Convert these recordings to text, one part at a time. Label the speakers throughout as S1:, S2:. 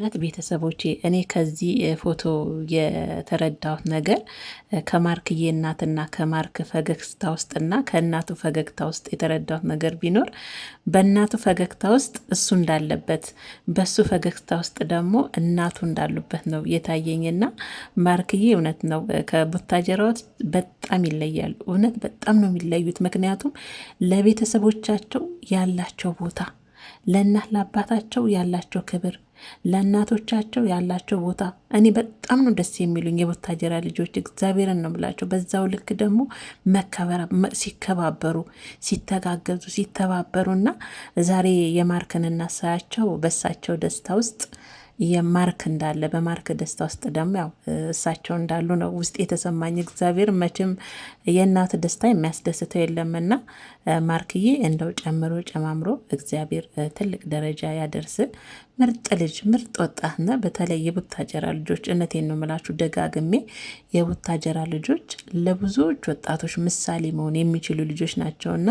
S1: እውነት ቤተሰቦቼ እኔ ከዚህ ፎቶ የተረዳሁት ነገር ከማርክዬ እናትና ከማርክ ፈገግታ ውስጥና ከእናቱ ፈገግታ ውስጥ የተረዳሁት ነገር ቢኖር በእናቱ ፈገግታ ውስጥ እሱ እንዳለበት፣ በሱ ፈገግታ ውስጥ ደግሞ እናቱ እንዳሉበት ነው የታየኝና ማርክዬ እውነት ነው ከቡታጀራዎች በጣም ይለያሉ። እውነት በጣም ነው የሚለዩት። ምክንያቱም ለቤተሰቦቻቸው ያላቸው ቦታ፣ ለእናት ለአባታቸው ያላቸው ክብር ለእናቶቻቸው ያላቸው ቦታ እኔ በጣም ነው ደስ የሚሉኝ የቡታጀራ ልጆች፣ እግዚአብሔርን ነው ብላቸው። በዛው ልክ ደግሞ ሲከባበሩ፣ ሲተጋገዙ፣ ሲተባበሩ እና ዛሬ የማርክን እናሳያቸው በሳቸው ደስታ ውስጥ የማርክ እንዳለ በማርክ ደስታ ውስጥ ደግሞ ያው እሳቸው እንዳሉ ነው ውስጥ የተሰማኝ። እግዚአብሔር መቼም የእናት ደስታ የሚያስደስተው የለምና ማርክዬ እንደው ጨምሮ ጨማምሮ እግዚአብሔር ትልቅ ደረጃ ያደርስ። ምርጥ ልጅ ምርጥ ወጣትና በተለይ የቡታጀራ ልጆች እውነቴን ነው ምላችሁ ደጋግሜ የቡታጀራ ልጆች ለብዙዎች ወጣቶች ምሳሌ መሆን የሚችሉ ልጆች ናቸውና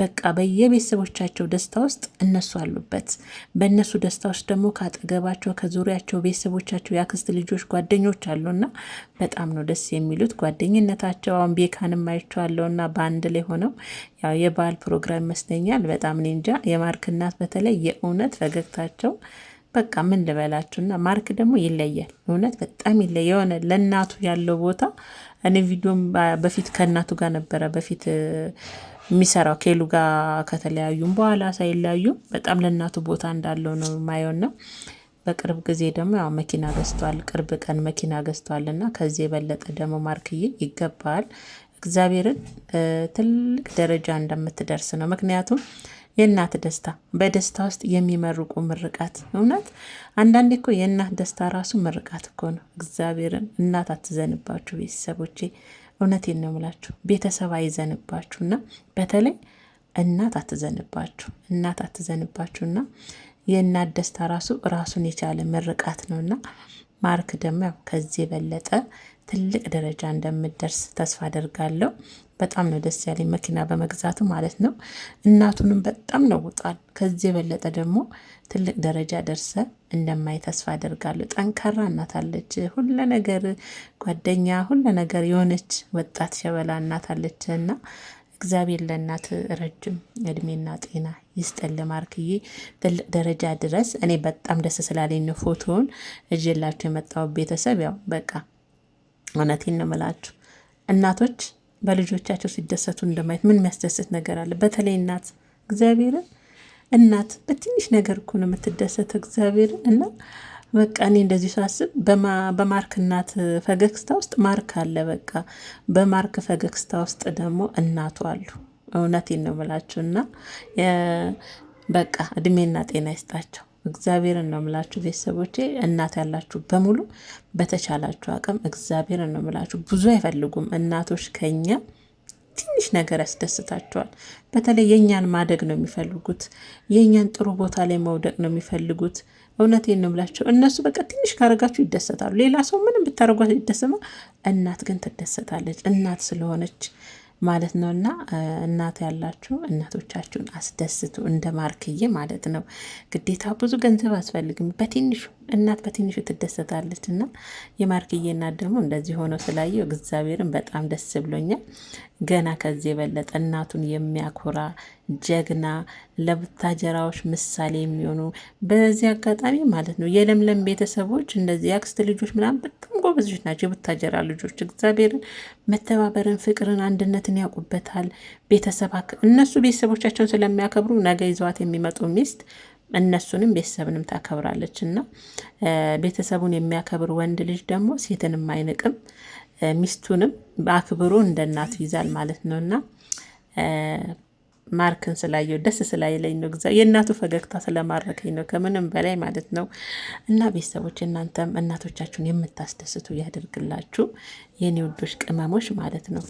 S1: በቃ በየቤተሰቦቻቸው ደስታ ውስጥ እነሱ አሉበት። በእነሱ ደስታ ውስጥ ደግሞ ከአጠገባቸው ከዙሪያቸው ቤተሰቦቻቸው፣ የአክስት ልጆች፣ ጓደኞች አሉና በጣም ነው ደስ የሚሉት ጓደኝነታቸው። አሁን ቤካንም አይቼዋለሁ እና በአንድ ላይ ሆነው ያው የበዓል ፕሮግራም ይመስለኛል። በጣም እኔ እንጃ የማርክ እናት በተለይ የእውነት ፈገግታቸው በቃ ምን ልበላችሁ እና ማርክ ደግሞ ይለያል። እውነት በጣም ይለ የሆነ ለእናቱ ያለው ቦታ እኔ ቪዲዮም በፊት ከእናቱ ጋር ነበረ በፊት የሚሰራው ከሄሉ ጋር ከተለያዩም በኋላ ሳይለያዩም በጣም ለእናቱ ቦታ እንዳለው ነው የማየው ነው። በቅርብ ጊዜ ደግሞ ያው መኪና ገዝቷል። ቅርብ ቀን መኪና ገዝቷል እና ከዚህ የበለጠ ደግሞ ማርክዬ ይገባል። እግዚአብሔርን ትልቅ ደረጃ እንደምትደርስ ነው። ምክንያቱም የእናት ደስታ በደስታ ውስጥ የሚመርቁ ምርቃት፣ እውነት አንዳንዴ እኮ የእናት ደስታ ራሱ ምርቃት እኮ ነው። እግዚአብሔርን እናት አትዘንባችሁ ቤተሰቦቼ። እውነቴን ነው የምላችሁ ቤተሰብ አይዘንባችሁና በተለይ እናት አትዘንባችሁ እናት አትዘንባችሁና የእናት ደስታ ራሱ ራሱን የቻለ ምርቃት ነውና ማርክ ደግሞ ከዚህ የበለጠ ትልቅ ደረጃ እንደምደርስ ተስፋ አደርጋለሁ። በጣም ነው ደስ ያለኝ መኪና በመግዛቱ ማለት ነው። እናቱንም በጣም ለውጧል። ከዚህ የበለጠ ደግሞ ትልቅ ደረጃ ደርሰ እንደማይ ተስፋ አደርጋለሁ። ጠንካራ እናት አለች፣ ሁለ ነገር ጓደኛ፣ ሁለ ነገር የሆነች ወጣት ሸበላ እናት አለች እና እግዚአብሔር ለእናት ረጅም እድሜና ጤና ይስጠል። ማርክዬ ትልቅ ደረጃ ድረስ እኔ በጣም ደስ ስላለኝ ፎቶውን እጅላችሁ የመጣው ቤተሰብ ያው በቃ እውነቴን ነው የምላችሁ እናቶች በልጆቻቸው ሲደሰቱ እንደማየት ምን የሚያስደስት ነገር አለ? በተለይ እናት እግዚአብሔርን እናት በትንሽ ነገር እኮ ነው የምትደሰተው። እግዚአብሔርን እና በቃ እኔ እንደዚህ ሳስብ በማርክ እናት ፈገግስታ ውስጥ ማርክ አለ። በቃ በማርክ ፈገግስታ ውስጥ ደግሞ እናቱ አሉ። እውነቴን ነው የምላችሁ እና በቃ እድሜና ጤና ይስጣቸው። እግዚአብሔርን ነው የምላችሁ ቤተሰቦቼ፣ እናት ያላችሁ በሙሉ በተቻላችሁ አቅም እግዚአብሔርን ነው የምላችሁ። ብዙ አይፈልጉም እናቶች ከኛ ትንሽ ነገር ያስደስታቸዋል። በተለይ የእኛን ማደግ ነው የሚፈልጉት። የእኛን ጥሩ ቦታ ላይ መውደቅ ነው የሚፈልጉት። እውነቴን ነው የምላቸው። እነሱ በቃ ትንሽ ካረጋችሁ ይደሰታሉ። ሌላ ሰው ምንም ብታደርጓት ይደሰማ፣ እናት ግን ትደሰታለች። እናት ስለሆነች ማለት ነው። እና እናት ያላችሁ እናቶቻችሁን አስደስቱ፣ እንደ ማርክዬ ማለት ነው። ግዴታ ብዙ ገንዘብ አስፈልግም፣ በትንሹ እናት በትንሹ ትደሰታለች። እና የማርክዬ እናት ደግሞ እንደዚህ ሆኖ ስላየው እግዚአብሔርን በጣም ደስ ብሎኛል። ገና ከዚህ የበለጠ እናቱን የሚያኮራ ጀግና፣ ለቡታጀራዎች ምሳሌ የሚሆኑ በዚህ አጋጣሚ ማለት ነው የለምለም ቤተሰቦች እንደዚህ የአክስት ልጆች ምናምን ጎበዞች ናቸው የቡታጀራ ልጆች። እግዚአብሔርን መተባበርን፣ ፍቅርን፣ አንድነትን ያውቁበታል። ቤተሰብ እነሱ ቤተሰቦቻቸውን ስለሚያከብሩ ነገ ይዘዋት የሚመጡ ሚስት እነሱንም ቤተሰብንም ታከብራለች እና ቤተሰቡን የሚያከብር ወንድ ልጅ ደግሞ ሴትንም አይንቅም ሚስቱንም አክብሮ እንደ እናቱ ይዛል ማለት ነው እና ማርክን ስላየው ደስ ስላይለኝ ነው። ግዛ የእናቱ ፈገግታ ስለማረከኝ ነው ከምንም በላይ ማለት ነው። እና ቤተሰቦች እናንተም እናቶቻችሁን የምታስደስቱ ያደርግላችሁ የኔ ውዶች ቅመሞች ማለት ነው።